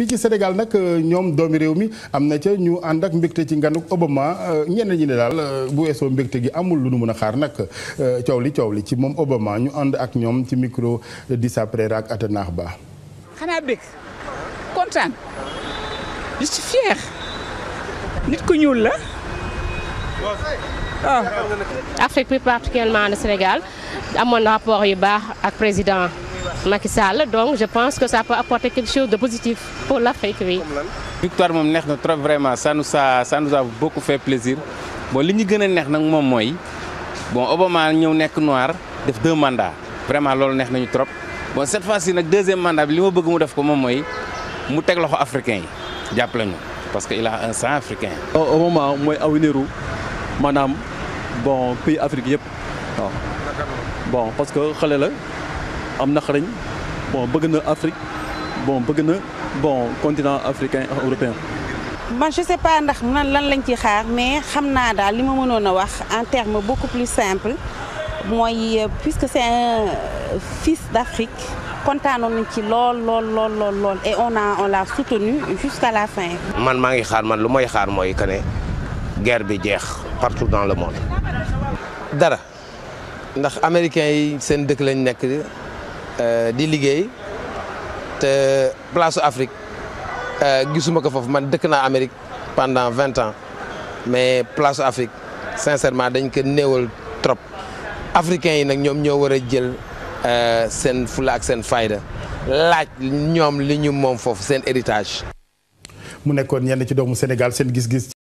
fii ci Sénégal nag euh, ñoom doomi réew mi am na ca ñu ànd ak mbégte ci nganuk Obama euh, ñenn ñi ne daal euh, bu weesoo mbégte gi amul lu nu mën a xaar nak coow li coow li ci moom Obama ñu ànd ak ñoom ci micro Dissa Prera ak Atanaax Ba. xanaa bég kontaan je nit ku ñuul la. Ah. Afrique plus particulièrement le Sénégal amoon rapport yu baax ak président. Macky Sall donc je pense que ça peut apporter quelque chose de positif pour l'Afrique oui. victoire moom neex na trop vraiment ça nous a ça nous a beaucoup fait plaisir bon li ñu gën a neex nag moom mooy bon Obama ñëw nekk noir def deux mandats vraiment loolu neex nañu trop bon cette fois-ci nag deuxième mandat bi li ma bëgg mu def ko moom mooy mu teg la loxo africain yi jàpp ñu parce que il a un sang africain. Oh, au moment mooy awiniru maanaam bon pays Afrique yëpp bon parce am na xarañ bon bëgg na Afrique bon bëgg na bon continent africain européen. man je sais pas ndax nan lan lañ ci xaar mais xam naa daal li ma mënoon a wax en terme beaucoup plus simple mooy euh, puisque c'est un euh, fils d'Afrique kontaanoon nañ ci lool lool lool et on a on l'a soutenu jusqu'à la fin. man maa ngi xaar man lu may xaar mooy que ne guerre bi jeex partout dans le monde. dara ndax américains yi seen dëkk lañ nekk. Euh, di liggéey te place Afrique euh, gisuma ko foofu man dëkk naa amerique pendant vingt ans mais place Afrique sincèrement dañ ko néewal trop africains yi nag ñoom ñoo war a jël euh, seen fula seen fayda laaj ñoom li ñu moom foofu seen héritage. mu nekkoon ñenn ci doomu Sénégal seen gis-gis.